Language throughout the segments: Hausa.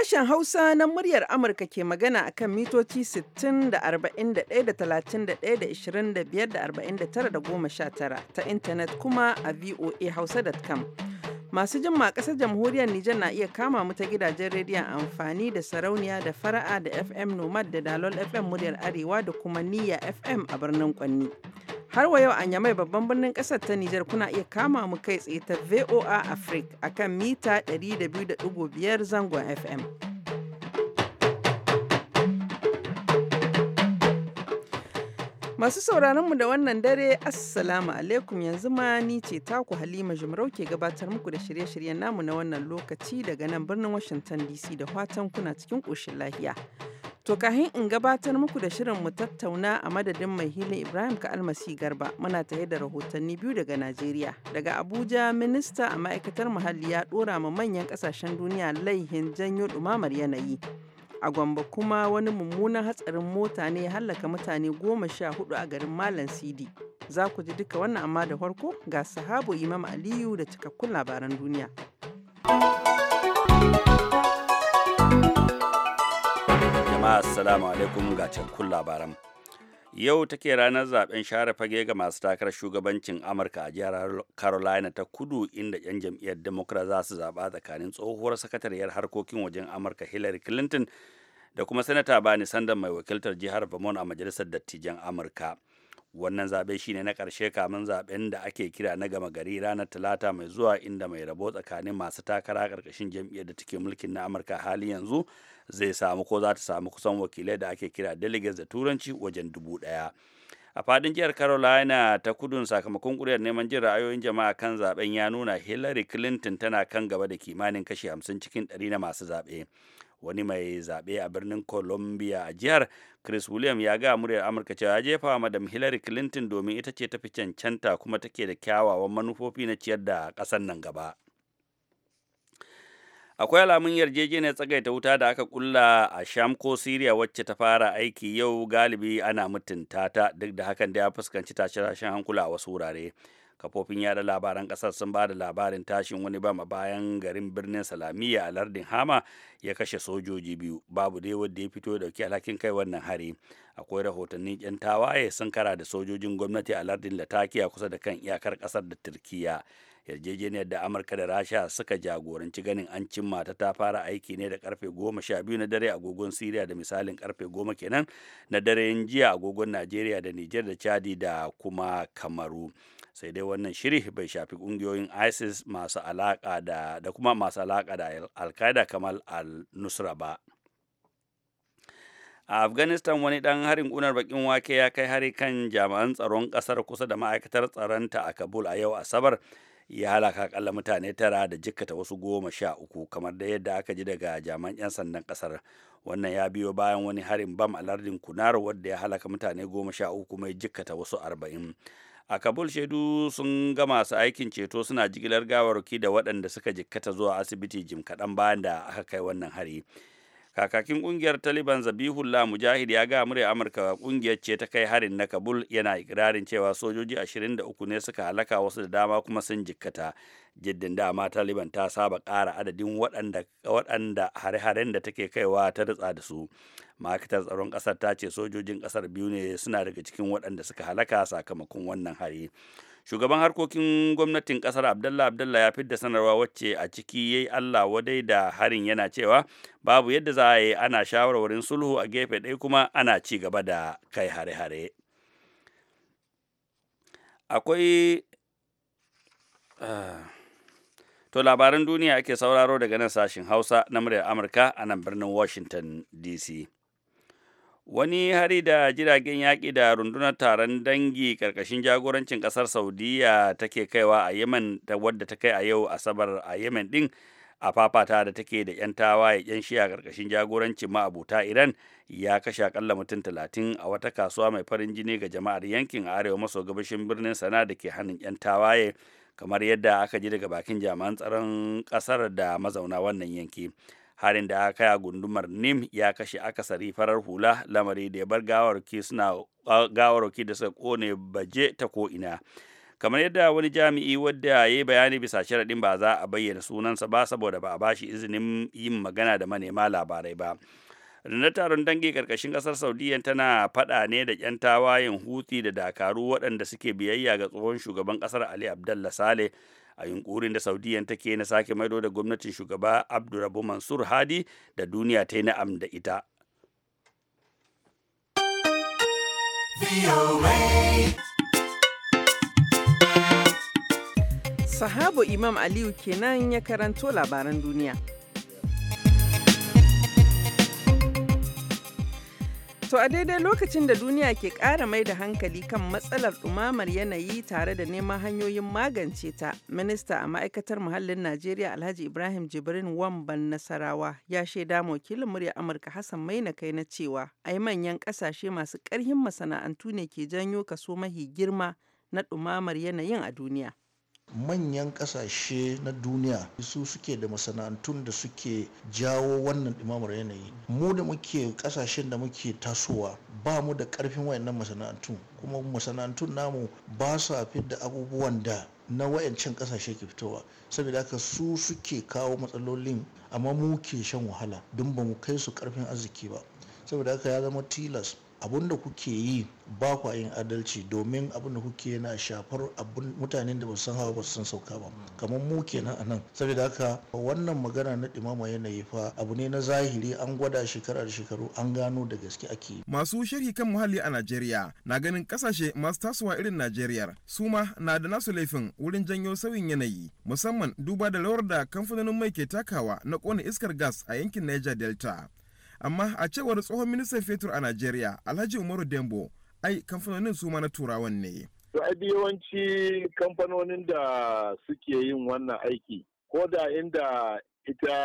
Sashen Hausa na muryar Amurka ke magana a kan mitoci 60 da 41 da 31 da 25 da 49 da 19 ta intanet kuma a voahausa.com. Masu jin ma ƙasar jamhuriyar Nijar na iya kama mu ta gidajen rediyon amfani da sarauniya da fara'a da FM Nomad da Dalol FM muryar Arewa da kuma Niyya FM a birnin Kwanni. Har wa yau a Nyamai babban birnin kasar ta Nijar kuna iya kama mu kai tsaye ta VOA Africa akan mita 102.5 zangon FM. Masu sauraronmu da wannan dare, Assalamu alaikum yanzu ma ni ce taku Halima Jumarau ke gabatar muku da shirye-shiryen namu na wannan lokaci daga nan birnin Washington DC da fatan kuna cikin ƙoshin lahiya. To kahin in gabatar muku da shirin mu tattauna a madadin mai hilin Ibrahim ka almasi garba muna tare da rahotanni biyu daga Najeriya. Daga Abuja minista a ma'aikatar muhalli ya dora ma manyan kasashen duniya laihin janyo dumamar yanayi. A Gombe kuma wani mummunan hatsarin mota ne ya hallaka mutane goma sha hudu a garin Malam Sidi. Za ku ji duka wannan amma da farko ga sahabu Imam Aliyu da cikakkun labaran duniya. jama'a assalamu alaikum ga cikakkun labaran yau take ranar zaben share fage ga masu takarar shugabancin amurka a jihar carolina ta kudu inda 'yan jam'iyyar democrat za su zaɓa tsakanin tsohuwar sakatariyar harkokin wajen amurka hillary clinton da kuma sanata bani sandan mai wakiltar jihar vermont a majalisar dattijan amurka wannan zaɓe shine na ƙarshe kamin zaɓen da ake kira na gama gari ranar talata mai zuwa inda mai rabo tsakanin masu takara ƙarƙashin jam'iyyar da take mulkin na amurka hali yanzu zai samu ko za ta samu kusan wakilai da ake kira delegates da turanci wajen dubu ɗaya a fadin jihar carolina ta kudun sakamakon ƙuri'ar neman jin ra'ayoyin jama'a kan zaben ya nuna hillary clinton tana kan gaba da kimanin kashi hamsin cikin ɗari na masu zaɓe wani mai zaɓe a birnin colombia a jihar chris william ya ga muryar amurka cewa ya jefa madam hillary clinton domin ita ce tafi cancanta kuma take da kyawawan manufofi na ciyar da ƙasar nan gaba akwai alamun yarjejeniyar tsagaita wuta da aka kulla a sham ko siriya wacce ta fara aiki yau galibi ana mutunta ta duk da hakan da ya fuskanci tashe hankula a wasu wurare kafofin yada labaran kasar sun ba da labarin tashin wani bama bayan garin birnin salamiya a lardin hama ya kashe sojoji biyu babu dai wanda ya fito dauki alhakin kai wannan hari akwai rahotannin yan tawaye sun kara da sojojin gwamnati a lardin latakiya kusa da kan iyakar kasar da turkiya yarjejeniyar da amurka da rasha suka jagoranci ganin an cimma ta ta fara aiki ne da karfe goma sha biyu na dare agogon siriya da misalin karfe goma kenan na daren jiya agogon najeriya da nijar da chadi da kuma kamaru sai dai wannan shiri bai shafi kungiyoyin isis masu alaka da, kuma masu alaka da alkaida kamal al-nusra ba a afghanistan wani dan harin kunar bakin wake ya kai hari kan jami'an tsaron kasar kusa da ma'aikatar tsaronta a kabul a yau asabar ya halaka akalla mutane tara da jikkata wasu goma sha uku kamar da yadda aka ji daga jaman 'yan sandan kasar wannan ya biyo bayan wani harin bam a lardin kunar wadda ya halaka mutane goma sha uku mai jikkata wasu arba'in a kabul shaidu sun ga masu aikin ceto suna jigilar gawarwaki da waɗanda suka jikkata zuwa asibiti jim kaɗan bayan da aka kai wannan hari kakakin kungiyar taliban zabihullah mujahid ya ga murya amurka kungiyar ce ta kai harin na kabul yana ikirarin cewa sojoji 23 ne suka halaka wasu da dama kuma sun jikkata jiddin dama taliban ta saba kara adadin waɗanda hare-haren da take kaiwa ta ritsa da su ma'aikatar tsaron ƙasar ta ce sojojin ƙasar biyu ne suna daga cikin waɗanda suka halaka sakamakon wannan hari shugaban harkokin gwamnatin kasar abdallah abdallah ya fidda sanarwa wacce a ciki ya yi allah wadai da harin yana cewa babu yadda za a yi ana shawarwarin sulhu a gefe ɗaya kuma ana ci gaba da kai hare-hare akwai ah, to labaran duniya ake sauraro daga nan sashin hausa na muryar amurka a nan birnin washington dc wani hari da jiragen yaƙi da rundunar taron dangi ƙarƙashin jagorancin ƙasar saudiya take kaiwa a yemen da wadda ta kai a yau asabar a yemen ɗin a fafata da take da 'yan tawaye 'yan shiya ƙarƙashin jagorancin ma'abuta iran ya kashe akalla mutum talatin a wata kasuwa mai farin jini ga jama'ar yankin a arewa maso gabashin birnin sana da ke hannun 'yan tawaye kamar yadda aka ji daga bakin jami'an tsaron ƙasar da mazauna wannan yanki harin da aka a gundumar nim ya kashe akasari farar hula lamari da ya bar gawarki suna da suka kone baje ta ko'ina kamar yadda wani jami'i wadda ya yi bayani bisa sharaɗin ba za a bayyana sunansa ba saboda ba a bashi izinin yin magana da manema labarai ba rundunar taron dangi karkashin kasar saudiyya tana faɗa ne da yan tawayen huti da dakaru waɗanda suke biyayya ga tsohon shugaban ƙasar ali abdallah sale a yunkurin da saudiyan take na sake maido da gwamnatin shugaba abdurabu mansur hadi da duniya ta yi na'am da ita sahabu imam aliyu kenan ya karanto labaran duniya To a daidai lokacin da duniya ke ƙara mai da hankali kan matsalar ɗumamar yanayi tare da neman hanyoyin magance ta, minista a ma'aikatar muhallin Najeriya Alhaji Ibrahim Jibrin Wamban Nasarawa ya shaida wakilin murya Amurka Hassan Maina kai na cewa ai manyan ƙasashe masu ƙarhin masana'antu ne ke janyo kaso mahi girma na ɗumamar yanayin a duniya. manyan kasashe na duniya su suke da masana'antun da suke jawo wannan imamar yanayi mu da muke kasashen da muke tasowa ba mu da ƙarfin wayannan masana'antun kuma masana'antun namu ba sa fidda abubuwan da na wayancin kasashe ke fitowa saboda haka su suke kawo matsalolin amma mu ke shan wahala don ba mu kai su ƙarfin arziki ba saboda haka ya zama tilas abun da kuke yi ba kwa yin adalci domin abun da kuke na shafar mutanen da ba san hawa ba su san sauka ba kamar mu kenan a nan saboda haka wannan magana na ɗimama yanayi fa abu ne na zahiri an gwada shekara da shekaru an gano da gaske ake masu sharhi kan muhalli a Najeriya na ganin kasashe masu tasowa irin Najeriya su ma na da nasu laifin wurin janyo sauyin yanayi musamman duba da lawar da kamfanonin mai ke takawa na kona iskar gas a yankin Niger Delta amma a cewar tsohon ministan fetur a najeriya alhaji umaru dembo ai kamfanonin su na turawan ne to ai yawanci kamfanonin da suke yin wannan aiki ko da inda ita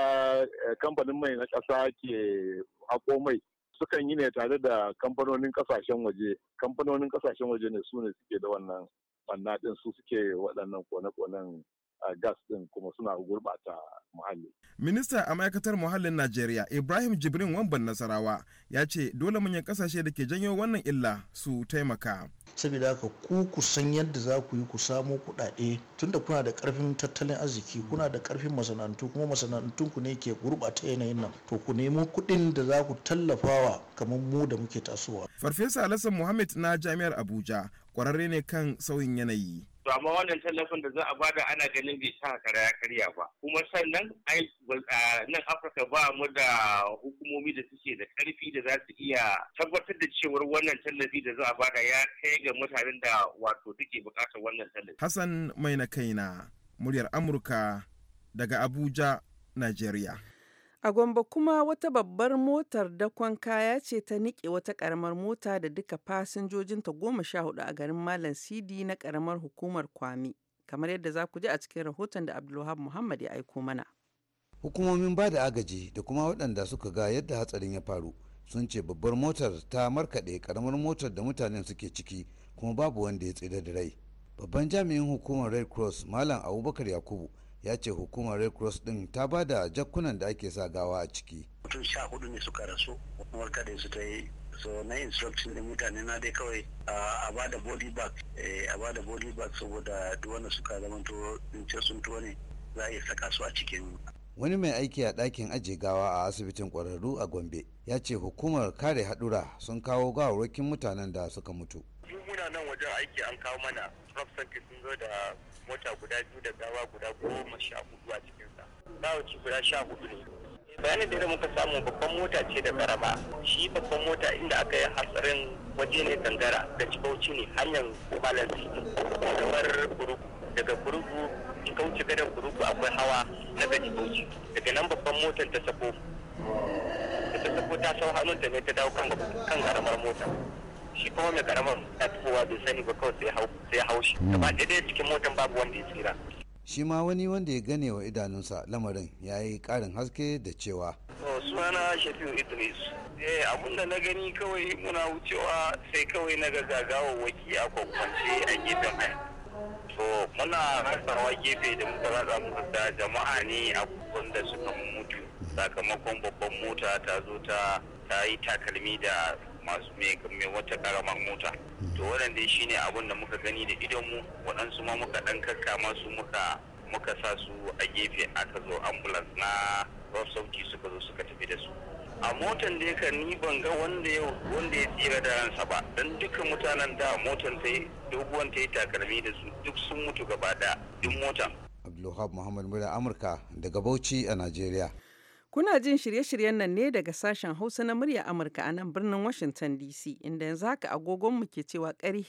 eh, kamfanin mai na ƙasa ke hako mai sukan yi ne tare da kamfanonin kasashen waje kamfanonin kasashen waje ne su ne suke da wannan wannan din su suke waɗannan kone-konen gas din kuma suna gurɓata muhalli. Minista a ma'aikatar muhallin Najeriya Ibrahim Jibrin Wamban Nasarawa ya ce dole manyan kasashe da ke janyo wannan illa su taimaka. saboda haka ku ku san yadda za ku yi ku samo kuɗaɗe tunda kuna da ƙarfin tattalin arziki kuna da ƙarfin masana'antu kuma masana'antun ku ne ke gurɓata yanayin nan to ku nemo kuɗin da za ku tallafawa kamar mu da muke tasowa. Farfesa Alhassan Muhammad na Jami'ar Abuja kwararre ne kan sauyin yanayi. to amma wannan tallafin da za a bada ana ganin bai sa kara ya karya ba kuma sannan nan afirka ba mu da hukumomi da suke da karfi da za su iya tabbatar da cewar wannan tallafi da za a bada ya kai ga mutanen da wato suke bukatar wannan tallafi hassan mai na kaina muryar amurka daga abuja nigeria A Gombe kuma wata babbar motar dakon kaya ce ta niƙe wata ƙaramar mota da duka fasinjojinta goma sha hudu a garin Malam Sidi na ƙaramar hukumar Kwami. Kamar yadda za ku ji a cikin rahoton da Abdulwahab Muhammad ya aiko mana. Hukumomin ba da agaji da kuma waɗanda suka ga yadda hatsarin ya faru sun ce babbar motar ta markaɗe ƙaramar motar da mutanen suke ciki kuma babu wanda ya tsira da rai. Babban jami'in hukumar Red Cross Malam Abubakar Yakubu ya ce hukumar red cross din ta ba da jakunan da ake sa gawa a ciki mutum sha hudu ne suka rasu hukumar kada su ta yi so na instruction din mutane na dai kawai a ba da body bag a ba da body bag eh, saboda duk wanda suka zamanto ce sun tuwo ne za a iya saka su a cikin wani mai aiki a ɗakin ajiye gawa a asibitin ƙwararru a gombe ya ce hukumar kare haɗura sun kawo gawarwakin mutanen da suka mutu muna nan wajen aiki an kawo mana sun zo da mota guda biyu da gawa guda goma sha hudu a cikinsa gawaci guda sha hudu ne bayanin da muka samu babban mota ce da karama shi babban mota inda aka yi hatsarin waje ne gangara da cikauci ne hanyar kubalan kamar burugu daga burugu in ka wuce gadon burugu akwai hawa na gaji bauchi daga nan babban motar ta sako ta sako ta sau hannun ta ne ta dawo kan karamar mota shi kuma mai karamar ta kowa bai sani ba kawai sai ya hau shi hmm. gaba ɗaya cikin motan babu wanda ya tsira shi ma wani wanda ya gane wa idanunsa lamarin ya yi ƙarin haske da cewa sunana shafiu idris eh da na gani kawai muna wucewa sai kawai na ga waki a kwakwance a gefen haya to muna rasawa gefe da muka rasa muka da jama'a ne a da suka mutu sakamakon babban mota ta zo ta ta yi takalmi da masu mai wata karamar mota to wannan dai shine abun da muka gani da idan mu waɗansu ma muka ɗan kakkama su muka muka sa su a gefe aka zo ambulance na sauki suka zo suka tafi da su a motan da ya ni ban ga wanda ya wanda ya tsira da ransa ba dan dukkan mutanen da motan ta doguwan ta yi takalmi da su duk sun mutu gaba da duk motan abdulwahab muhammad mura amurka daga bauchi a najeriya Kuna jin shirye-shiryen nan ne daga sashen Hausa na murya Amurka a nan birnin Washington DC inda yanzu haka agogon mu ke cewa karhe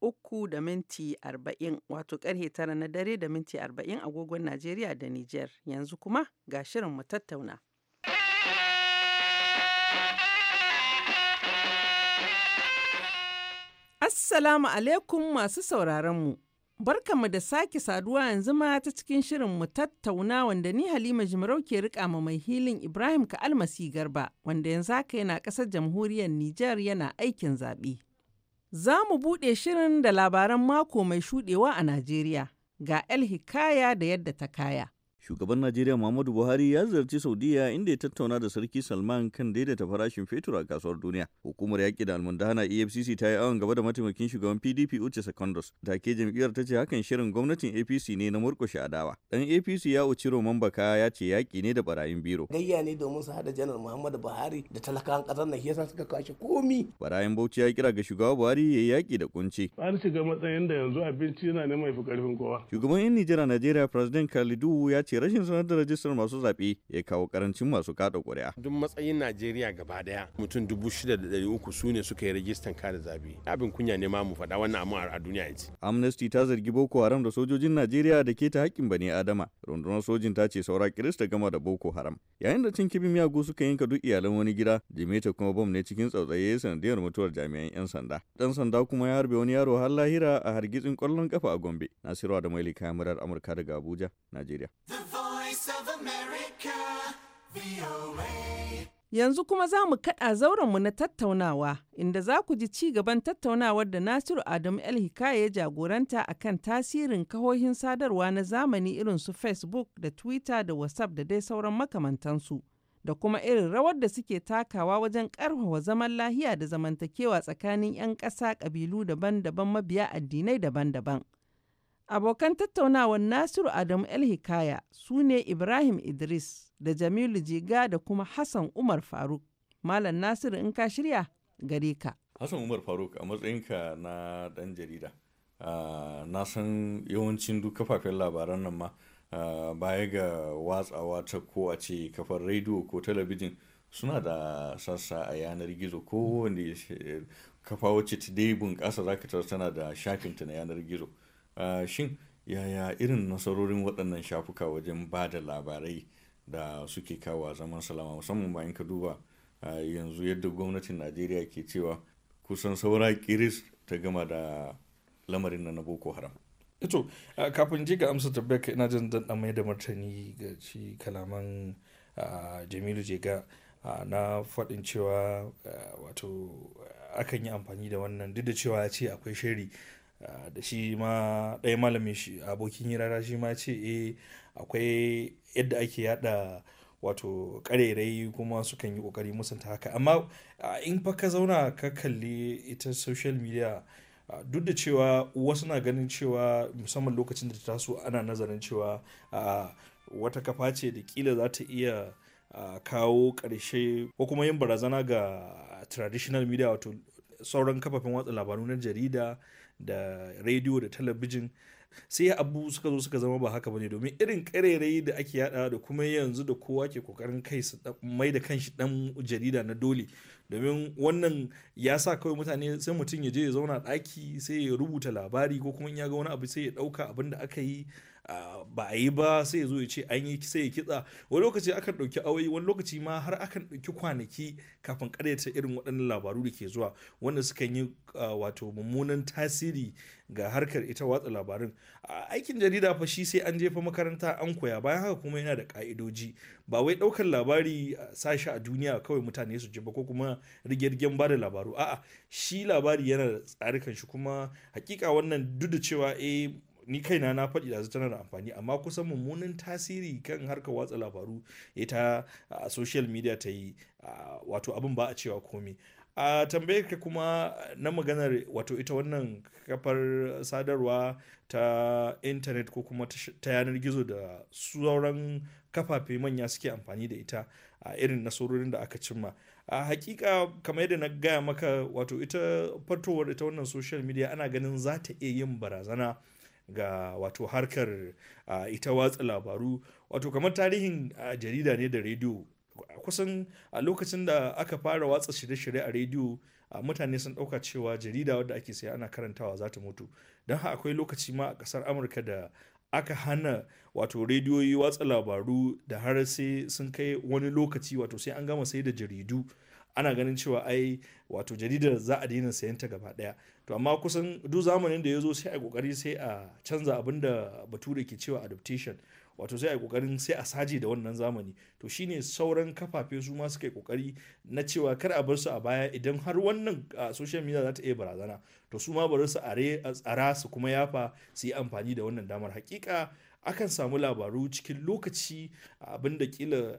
3 da minti 40 wato karhe tara na dare da minti 40 agogon Najeriya da Nijar. Yanzu kuma ga shirin mu tattauna. Assalamu alaikum masu sauraronmu. mu. Barkanmu da sake saduwa yanzu ma ta cikin shirin mu tattauna wanda ni Halima Jimarau ke rika ma mai hilin Ibrahim ka almasi garba wanda yanzu haka yana ƙasar jamhuriyar Nijar yana aikin zaɓe. Za mu buɗe shirin da labaran mako mai shuɗewa a Najeriya ga El Hikaya da yadda ta kaya. Shugaban Najeriya Muhammadu Buhari ya ziyarci Saudiya inda ya tattauna da Sarki Salman kan daidaita farashin fetur a kasuwar duniya. Hukumar yaƙi da almundana EFCC ta yi awon gaba da mataimakin shugaban PDP Uche Secondos. ke jam'iyyar ta ce hakan shirin gwamnatin APC ne na murƙushe adawa. Dan APC ya uci Roman Baka ya ce yaƙi ne da barayin biro. Gayya ne domin su haɗa janar Muhammadu Buhari da talakawan ƙasar na yasa suka kashe komi. Barayin Bauchi ya kira ga shugaba Buhari ya yi yaƙi da kunci. An shiga matsayin da yanzu abinci yana neman fi ƙarfin kowa. Shugaban 'yan Nijar a Najeriya President Kalidu ya ce ce rashin sanar da rajistar masu zaɓe ya kawo karancin masu kada ƙuri'a. Duk matsayin Najeriya gaba daya mutum dubu shida da ɗari uku su ne suka yi rajistan kada zaɓe. Abin kunya ne ma mu faɗa wannan amma a duniya yanzu. Amnesty ta zargi Boko Haram da sojojin Najeriya da ke ta haƙƙin bani Adama. Rundunar sojin ta ce saura Kirista gama da Boko Haram. Yayin da cin kibin miyagu suka yanka duk iyalan wani gida, Jimeta kuma bom ne cikin tsautsaye sanadiyar mutuwar jami'an 'yan sanda. Ɗan sanda kuma ya harbe wani yaro har lahira a hargitsin ƙwallon kafa a Gombe. Nasiru da Maili kayan murar Amurka daga Abuja, Najeriya. Yanzu kuma za mu kaɗa zaurenmu na tattaunawa, inda za ku ji ci gaban tattaunawar da Nasiru Adamu El Hikaya ya jagoranta a kan tasirin kahohin sadarwa na zamani irin su Facebook da Twitter da WhatsApp da dai sauran makamantansu, da kuma irin rawar da suke takawa wajen ƙarfafa zaman lahiya da zamantakewa tsakanin 'yan ƙasa ƙabilu daban-daban mabiya addinai daban-daban. Abokan tattaunawar Nasiru Adamu El-Hikaya su ne Ibrahim Idris da Jamilu Jiga da kuma Hassan Umar Faruk. Malam Nasiru in ka shirya gare ka. Hassan Umar Faruk a matsayinka na ɗan jarida. na san yawancin duk kafafen labaran nan ma baya ga watsawa ta ko a ce kafar rediyo ko talabijin suna da sassa a yanar gizo ko wanda eh, kafa wacce ta dai bunƙasa zaka tana da shafinta na yanar gizo shin yaya irin nasarorin waɗannan shafuka wajen ba da labarai da suke kawo zaman salama musamman bayan ka duba yanzu yadda gwamnatin najeriya ke cewa kusan saura kiris ta gama da lamarin na boko haram ito eh kafin ji ga amsa tabbayar ina jin dan mai da martani ga ci kalaman jamilu jega na faɗin cewa wato akan yi amfani da wannan duk da cewa ya ce akwai shiri Ah, da shi ma ɗaya malamin shi abokin hirara shi ma ce e akwai yadda ake yada wato ƙarerai kuma sukan yi ƙoƙari musanta haka amma ah, in fa ka zauna ka kalli ita social media ah, duk da cewa wasu na ganin cewa musamman lokacin da ta taso ana nazarin cewa wata kafa ce da kila za ta iya kawo karshe ko kuma yin barazana ga traditional media wato sauran kafafen watsa labaru na jarida da rediyo da talabijin sai abu suka zo suka zama ba haka bane domin irin karerai da ake yada da kuma yanzu da kowa ke kokarin kai su mai da kanshi dan jarida na dole domin wannan ya sa kawai mutane sai mutum ya je ya zauna daki sai ya rubuta labari ko kuma in ya ga wani abu sai ya dauka abin da aka yi ba a yi ba sai ya ya ce an yi sai ya kitsa wani lokaci akan ɗauki awayi wani lokaci ma har akan ɗauki kwanaki kafin karyata irin waɗannan labaru da ke zuwa wanda suka yi wato mummunan tasiri ga harkar ita watsa labarin aikin jarida fa shi sai an jefa makaranta an koya bayan haka kuma yana da ka'idoji ba wai ɗaukar labari sashi a duniya kawai mutane su ji ba ko kuma rigirgen ba da labaru a'a shi labari yana da tsarikan shi kuma hakika wannan duk da cewa eh ni kaina na faɗi da tana da amfani amma kusan mummunan tasiri kan harkar watsa labaru ita a social media ta yi wato abin ba a cewa komi a tambayar ka kuma na maganar wato ita wannan kafar sadarwa ta intanet ko kuma ta yanar gizo da sauran kafafe manya suke amfani da ita a irin nasarorin da aka cimma a hakika kamar yadda na gaya maka wato ita fatowar ita wannan social media ana ganin za ta iya yin barazana ga wato harkar ita watsa labaru wato kamar tarihin jarida ne da rediyo kusan a lokacin da aka fara watsa shirye-shirye a rediyo mutane sun ɗauka cewa jarida wadda ake saya ana karantawa za ta mutu don haka akwai lokaci ma a kasar amurka da aka hana wato rediyoyi watsa labaru da har sai sun kai wani lokaci wato sai an gama sai da jaridu ana ganin cewa ai wato jaridar za a daina sayan ta gaba daya to amma kusan duk zamanin da ya zo sai a kokari sai a canza abin da bature ke cewa adaptation wato sai a kokarin sai a saje da wannan zamani to shine sauran kafafe su ma suka yi kokari na cewa kar a bar su a baya idan har wannan social media za ta iya barazana to su ma bari su are tsara su kuma yafa su yi amfani da wannan damar hakika akan samu labaru cikin lokaci abin da kila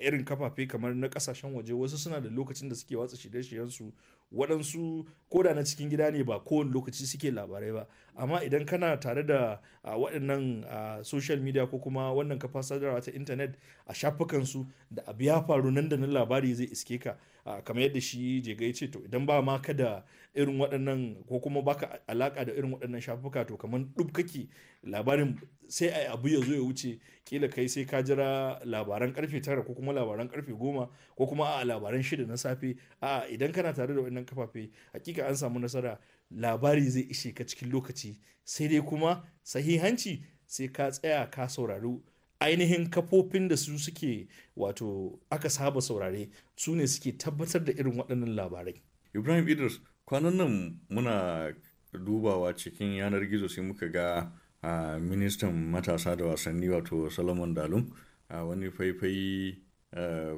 irin kafafe kamar na kasashen waje wasu suna da lokacin da suke watsa shirye su waɗansu koda na cikin gida ne ba kowane lokaci suke labarai ba amma idan kana tare da waɗannan social media ko kuma wannan kafa sadarwa ta intanet a shafukan su da abu ya faru nan da nan labari zai iske ka kamar yadda shi je ya ce to idan ba ma ka da irin waɗannan ko kuma baka alaka da irin waɗannan shafuka to kamar duk kake labarin sai a abu ya zo ya wuce kila kai sai ka jira labaran karfe tara ko kuma labaran karfe goma ko kuma a labaran shida na safe a idan kana tare da waɗannan kafafe hakika an samu nasara labari zai ishe ka cikin lokaci sai dai kuma sahihanci sai ka tsaya ka saurari ainihin kafofin da su suke wato aka saba saurare su ne suke tabbatar da irin waɗannan labarai ibrahim idris kwanan nan muna dubawa cikin yanar gizo sai muka ga a ministan matasa da wasanni wato solomon dalum a wani faifai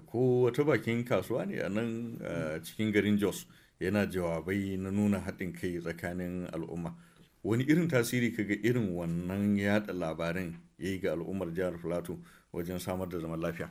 ko wata bakin kasuwa ne a nan cikin garin jos yana jawabai na nuna haɗin kai tsakanin al'umma wani irin tasiri kaga irin wannan yada labarin ya yi ga al'ummar jihar Filato wajen samar da zaman lafiya.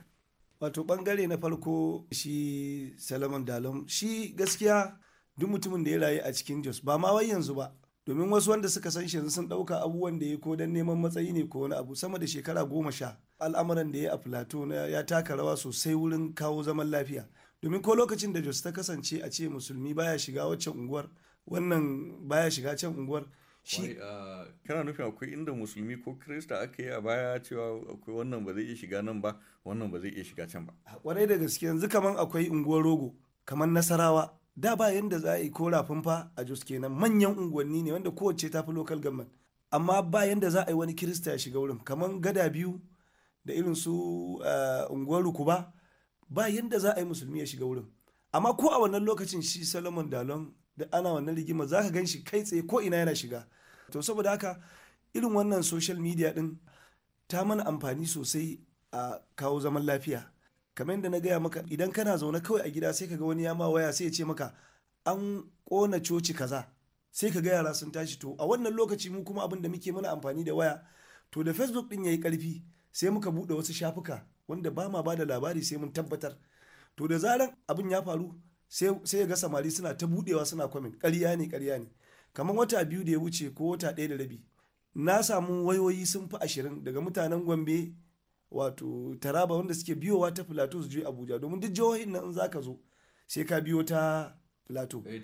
Wato bangare na farko shi Salaman Dalam shi gaskiya duk mutumin da ya rayu a cikin Jos ba ma wai yanzu ba domin wasu wanda suka san shi sun ɗauka abubuwan da ya ko dan neman matsayi ne ko wani abu sama da shekara goma sha al'amuran da ya a Filato ya taka rawa sosai wurin kawo zaman lafiya domin ko lokacin da Jos ta kasance a ce musulmi baya shiga waccan unguwar wannan baya shiga can unguwar shi uh, kana nufin akwai inda musulmi ko krista aka yi a baya cewa akwai wannan ba zai iya shiga nan ba wannan ba zai iya shiga can ba kwarai da gaske yanzu kaman akwai unguwar rogo kaman nasarawa da ba yanda za a yi ko rafin fa a jos kenan manyan unguwanni ne wanda kowace ta fi lokal government amma ba yanda za a yi wani kirista ya shiga wurin kamar gada biyu da irin su uh, unguwar rukuba ba yanda za a yi musulmi ya shiga wurin amma ko a wannan lokacin shi salomon dalon da ana wannan rigima zaka gan shi kai tsaye ko ina yana shiga to saboda haka irin wannan social media din ta mana amfani sosai a kawo zaman lafiya kamar yadda na gaya maka idan kana zaune kawai a gida sai ka ga wani ya ma waya sai ya ce maka an kona coci kaza sai kaga yara sun tashi to a wannan lokaci mu kuma abin da muke mana amfani da waya to da facebook din yayi karfi sai muka bude wasu shafuka wanda ba ma ba da labari sai mun tabbatar to da zaran abin ya faru sai ga samari suna ta budewa suna kwamin karya ne karya ne kamar wata biyu da ya wuce ko wata ɗaya da rabi na samu wayoyi sun fi ashirin daga mutanen gombe wato taraba wanda suke biyowa ta filato su je abuja domin duk jihohin nan za ka zo sai ka biyo ta filato eh,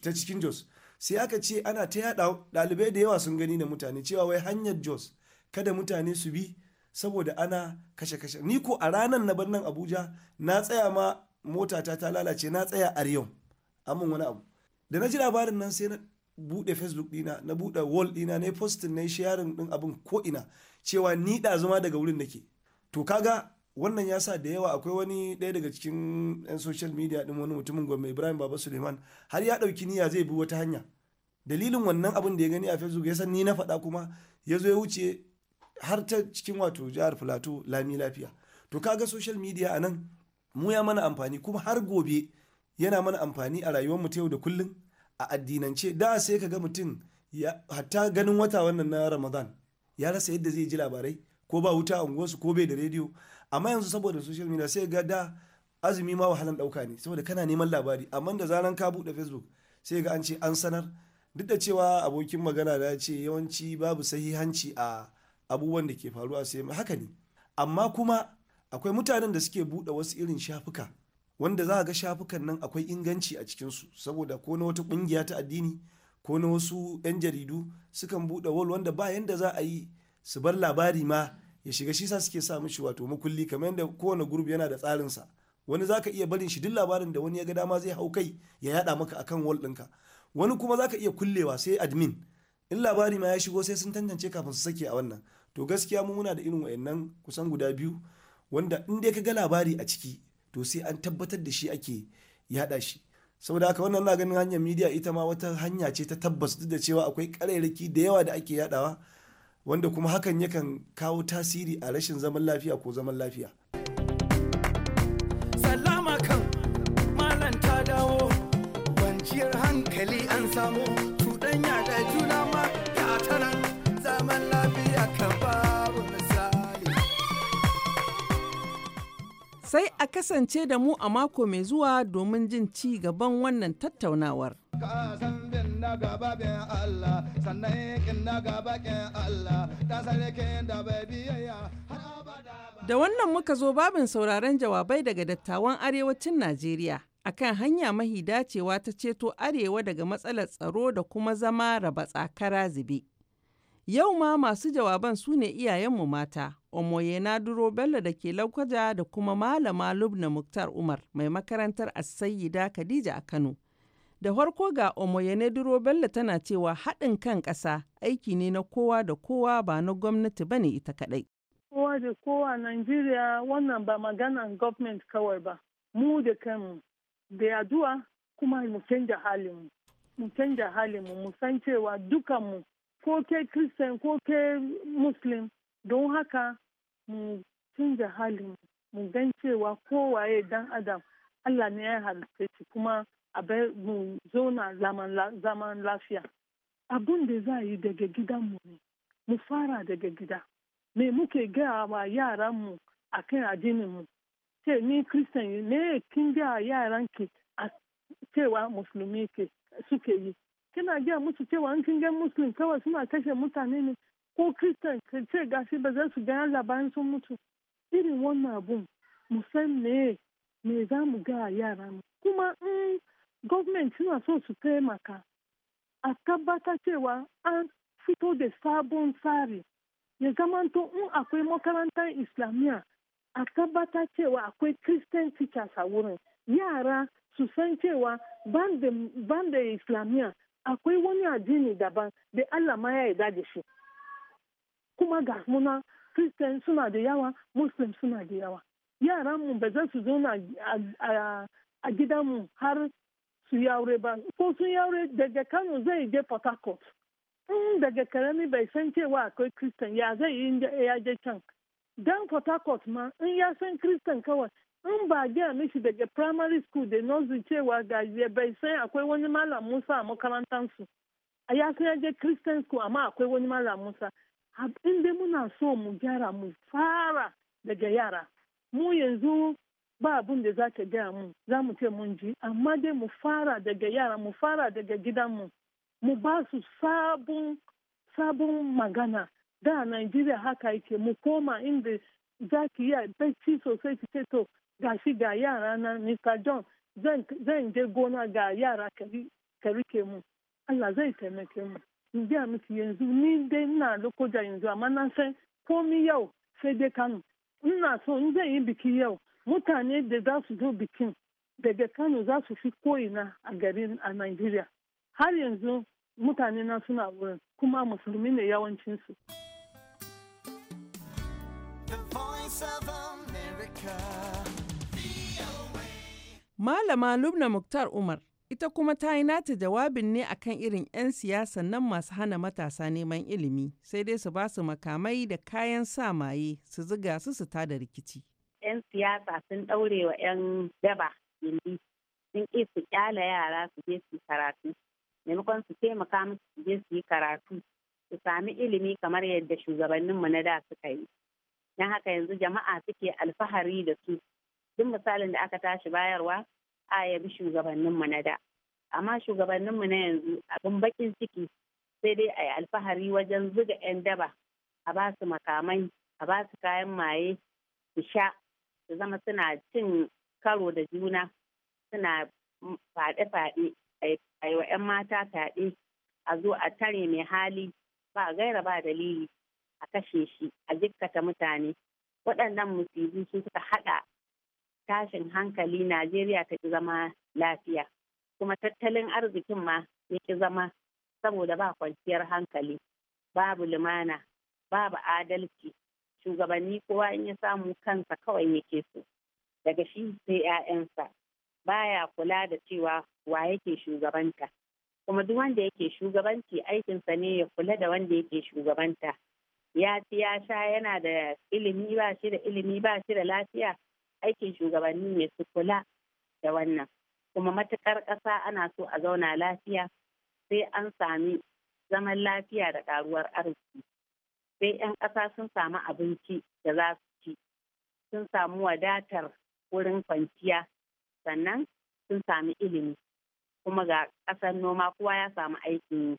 ta cikin jos sai aka ce ana ta yada ɗalibai da yawa sun gani da mutane cewa wai hanyar jos kada mutane su bi saboda ana kashe-kashe ni ko a ranar na nan abuja na tsaya ma motata ta lalace na tsaya a riyom amin wani abu da na ji labarin nan sai na bude facebook dina na bude wall dina na postin na sharing din abin ko ina cewa ni da zama daga wurin nake to kaga wannan ya sa da yawa akwai wani ɗaya daga cikin yan social media din wani mutumin gwamna ibrahim baba suleiman har ya dauki niyya zai bi wata hanya dalilin wannan abin da ya gani a facebook ya san ni na faɗa kuma ya zo ya wuce har ta cikin wato jihar plateau lami lafiya to kaga social media a nan mu ya mana amfani kuma har gobe yana mana amfani a rayuwar mu yau da kullum a addinance da sai ka ga mutum hatta ganin wata wannan na ramadan ya rasa yadda zai ji labarai ko ba wuta a unguwarsu ko bai da rediyo amma yanzu saboda social media sai ga da azumi ma wahalan dauka ne saboda kana neman labari amma da zaran ka buɗe facebook sai ga an ce an sanar duk da cewa abokin magana da ya ce yawanci babu sahihanci a abubuwan da ke faruwa sai haka ne amma kuma akwai mutanen da suke buɗe wasu irin shafuka wanda za a ga shafukan nan akwai inganci a cikinsu saboda ko na wata ƙungiya ta addini ko na wasu 'yan jaridu sukan buɗe wal wanda ba yanda za a yi su bar labari ma ya shiga shi sa suke sa mishi wato makulli kamar yadda kowane gurbi yana da sa wani za ka iya barin shi duk labarin da wani ya ga dama zai hau kai ya yada maka akan wal ɗinka wani kuma za ka iya kullewa sai admin in labari ma ya shigo sai sun tantance kafin su sake a wannan to gaskiya mu muna da irin wayannan kusan guda biyu wanda in dai ka ga labari a ciki to sai an tabbatar da shi ake yada shi saboda haka wannan na ganin hanyar midiya ita ma wata hanya ce ta tabbas duk da cewa akwai ƙarairaki da yawa da ake yadawa wanda kuma hakan yakan kawo tasiri a rashin zaman lafiya ko zaman lafiya. Sai a kasance da mu a mako mai zuwa domin jin ci gaban wannan tattaunawar. Da wannan muka zo babin sauraron jawabai daga dattawan arewacin Najeriya. akan hanya mahi dacewa ta ceto arewa daga matsalar tsaro da kuma zama raba tsakara zube. Yau ma masu jawaban su ne iyayenmu mata, Duro Bello da ke Lokoja da kuma Malama Lubna Muktar Umar mai makarantar asayida Khadija a Kano. Da farko ga Duro Bello tana cewa haɗin kan ƙasa aiki ne na kowa da kowa ba na gwamnati ba ne ita kaɗai. Kowa da kowa Najeriya wannan ba maganan gwamnati kawai ba, mu da kanmu da yaduwa kuma mu canja halinmu. Mu canja halinmu mu san cewa dukanmu ko ke kristen ko ke muslim don haka mu canza halin mu gan cewa kowaye dan adam allah ne ya halitta shi kuma a mu zauna zaman lafiya abun da za a yi daga gidanmu ne mu fara daga gida me muke gaya wa yaranmu a kan addininmu ce ni kristen ne kin gaya yaranki a cewa musulmi suke yi kina gaya musu cewa in kin gan muslim kawai suna kashe mutane ne ko kristan ka ce gashi ba za su gaya labarin sun mutu irin wannan abun musamman ne me za mu ga yara mu kuma in gwamnati suna so su taimaka a tabbata cewa an fito da sabon tsari ya zamanto in akwai makarantar islamiyya a tabbata cewa akwai christian teachers a wurin yara su san cewa ban da islamiyya akwai wani addini daban da Allah ma ya yarda da shi kuma ga muna Christian suna da yawa Muslim suna da yawa yara mu ba za su zo a gidan mu har su yaure ba ko sun yaure daga Kano zai je Port Harcourt in daga karami bai san cewa akwai Christian ya zai yi ya je can dan Port Harcourt ma in ya san Christian kawai mba gel shibeghị praịmarị skul da nursery cewa gazie bai san akwai wani malam musa a makarantar su ya san ya je christian school ama akwai wani malam musa abin da muna so mu gyara mu fara dege yara mụ yanzu ba abin da za ka gaya mu za mu ce mun ji amma fara daga yara mu fara daga mụ mu ba su sabon sabon magana da a Najeriya haka yake mu koma ndị za ki yi bacci sosai ki ce to gashi ga yara na Mr. John zan je gona ga yara ka rike mu Allah zai taimake mu in biya miki yanzu ni dai ina lokoja yanzu amma na san komi yau sai dai Kano ina so in zai yi biki yau mutane da za su zo bikin daga Kano za su fi ko'ina a garin a nigeria har yanzu mutane na suna wurin kuma musulmi ne yawancinsu. The voice of Malama Lubna muktar Umar ita kuma ta yi nata jawabin ne akan irin 'yan siyasa nan masu hana matasa neman ilimi sai dai su ba su makamai da kayan sa maye su ziga su su tada rikici. 'Yan siyasa sun ɗaure wa 'yan daba gindi sun ƙi su ƙyala yara su je su karatu maimakon su taimaka musu su je su yi karatu su sami ilimi kamar yadda shugabanninmu na da suka yi. Don haka yanzu jama'a suke alfahari da su duk misalin da aka tashi bayarwa a yabi shugabanninmu na da amma shugabanninmu na yanzu abin bakin ciki sai dai a yi alfahari wajen zuga 'yan daba a ba su makamai a ba su kayan maye su sha su zama suna cin karo da juna suna faɗe-faɗe a yi wa 'yan mata fyaɗe a zo a tare mai hali ba gaira ba dalili a kashe shi a jikkata mutane waɗannan musibin sun suka haɗa tashin hankali Najeriya ta ki zama lafiya kuma tattalin arzikin ma ya ki zama saboda ba kwanciyar hankali babu lumana babu adalci shugabanni kowa in ya samu kansa kawai yake so daga shi sai 'ya'yansa baya kula da cewa wa yake shugabanta kuma duk wanda yake shugabanci aikinsa ne ya kula da wanda yake shugabanta ya ci ya sha yana da ilimi ba shi da ilimi ba shi da lafiya aikin shugabanni ne su kula da wannan kuma matuƙar ƙasa ana so a zauna lafiya sai an sami zaman lafiya da ƙaruwar arziki sai 'yan ƙasa sun samu abinci da za su ci sun samu wadatar wurin kwanciya sannan sun sami ilimi kuma ga ƙasar noma kowa ya samu aikin yi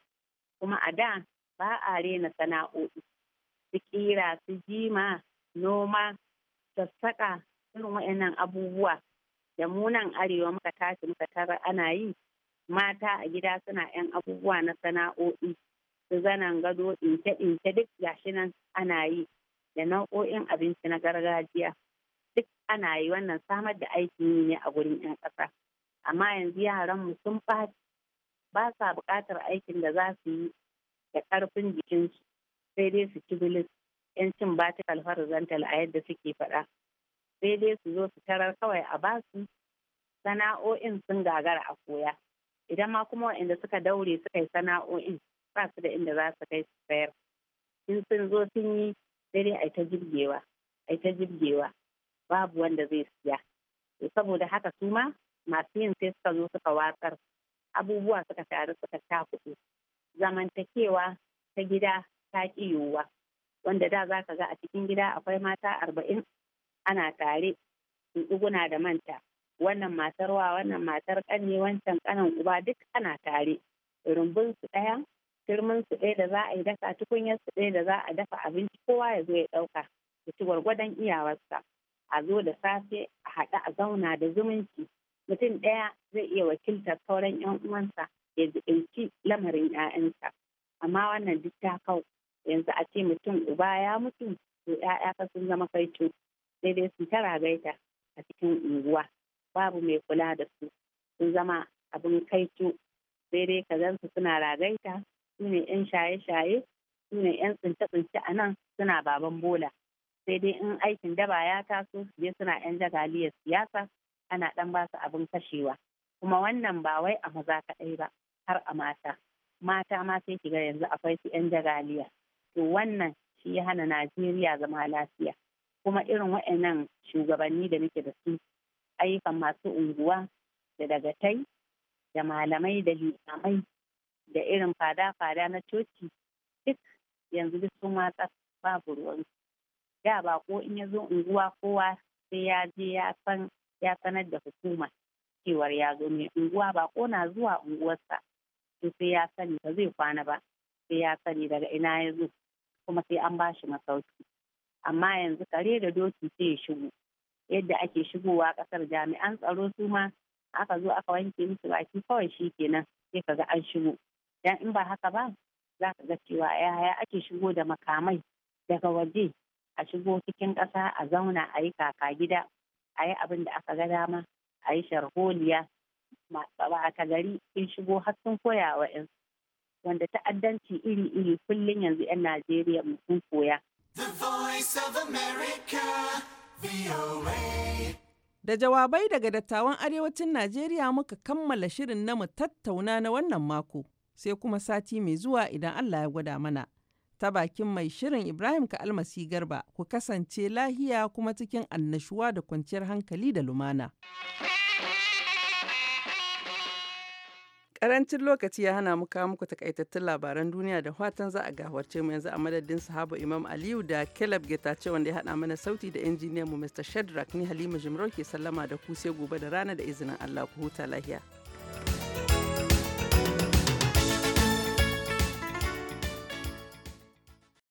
kuma a da ba a rena sana'o'i su ƙira su jima noma sassaƙa irin wa'annan abubuwa da mu arewa muka tashi muka tara ana yi mata a gida suna 'yan abubuwa na sana'o'i su zanen gado inke-inke duk gashi nan ana yi da nau'o'in abinci na gargajiya duk ana yi wannan samar da aikin yi ne a gurin 'yan ƙasa amma yanzu yaran mu sun ɓaci ba sa buƙatar aikin da za su yi da ƙarfin jikinsu sai dai su ci bilis 'yancin ba ta alfarizantal a yadda suke faɗa sai dai su zo su tarar kawai a basu sana'o'in sun gagara a koya idan ma kuma waɗanda suka daure suka yi sana'o'in ba su da inda za su kai su sayar in sun zo sun yi sai dai ta jirgewa ai ta jirgewa babu wanda zai siya to saboda haka su ma masu yin sai suka zo suka watsar abubuwa suka taru suka ta kuɗi zamantakewa ta gida ta ƙi wanda da za ka ga a cikin gida akwai mata arba'in ana tare tsuguna da manta wannan matar wa wannan matar kanne wancan kanan uba duk ana tare rumbun su ɗaya firmin su ɗaya da za a yi daka tukunyar su ɗaya da za a dafa abinci kowa ya zo ya ɗauka su ci gwargwadon iyawarsa a zo da safe a haɗe a zauna da zumunci mutum ɗaya zai iya wakiltar sauran 'yan uwansa ya jiɓinci lamarin 'ya'yansa amma wannan duk ta kau yanzu a ce mutum uba ya mutu to 'ya'ya fa sun zama kai sai dai su tara gaita a cikin unguwa babu mai kula da su sun zama abin kai su sai dai ka zansu suna ragaita su ne 'yan shaye-shaye su ne 'yan tsince-tsince a nan suna baban bola sai dai in aikin daba ya taso je suna 'yan jagaliyar siyasa ana dan ba su abin kashewa kuma wannan ba wai a maza kaɗai ba har a mata mata ma sai kiga yanzu akwai su 'yan jagaliya to wannan shi ya hana najeriya zama lafiya kuma irin waɗannan shugabanni da nake da su ayyukan masu unguwa da dagatai da malamai da limamai da irin fada-fada na coci duk yanzu duk sun watsa babu ruwan da ba ko in ya zo unguwa kowa sai ya je ya san ya sanar da hukuma cewar ya zo mai unguwa ba ko na zuwa unguwarsa to sai ya sani ba zai kwana ba sai ya sani daga ina ya zo kuma sai an bashi masauki amma yanzu kare da doki sai ya shigo yadda ake shigowa kasar jami'an tsaro su ma aka zo aka wanke musu baki kawai shi kenan sai ka ga an shigo dan in ba haka ba za ka ga cewa yaya ake shigo da makamai daga waje a shigo cikin ƙasa a zauna a yi kaka gida a yi abin da aka ga dama a yi sharholiya ba a gari sun shigo har sun koya wa wanda ta'addanci iri-iri kullum yanzu 'yan najeriya sun koya. Voice of America, VOA. Da jawabai daga dattawan arewacin Najeriya muka kammala shirin na tattauna na wannan mako, sai kuma sati mai zuwa idan Allah ya gwada mana. Ta bakin mai shirin Ibrahim ka' almasi Garba, ku kasance lahiya kuma cikin annashuwa da kwanciyar hankali da lumana. Karancin lokaci ya hana mu kawo muku takaitattun labaran duniya da fatan za a gawarce mu yanzu a madadin sahaba Imam Aliyu da Caleb ce wanda ya haɗa mana sauti da injiniyan mu Mr. Shadrack ni Halima Jimrau ke sallama da ku sai gobe da rana da izinin Allah ku huta lahiya.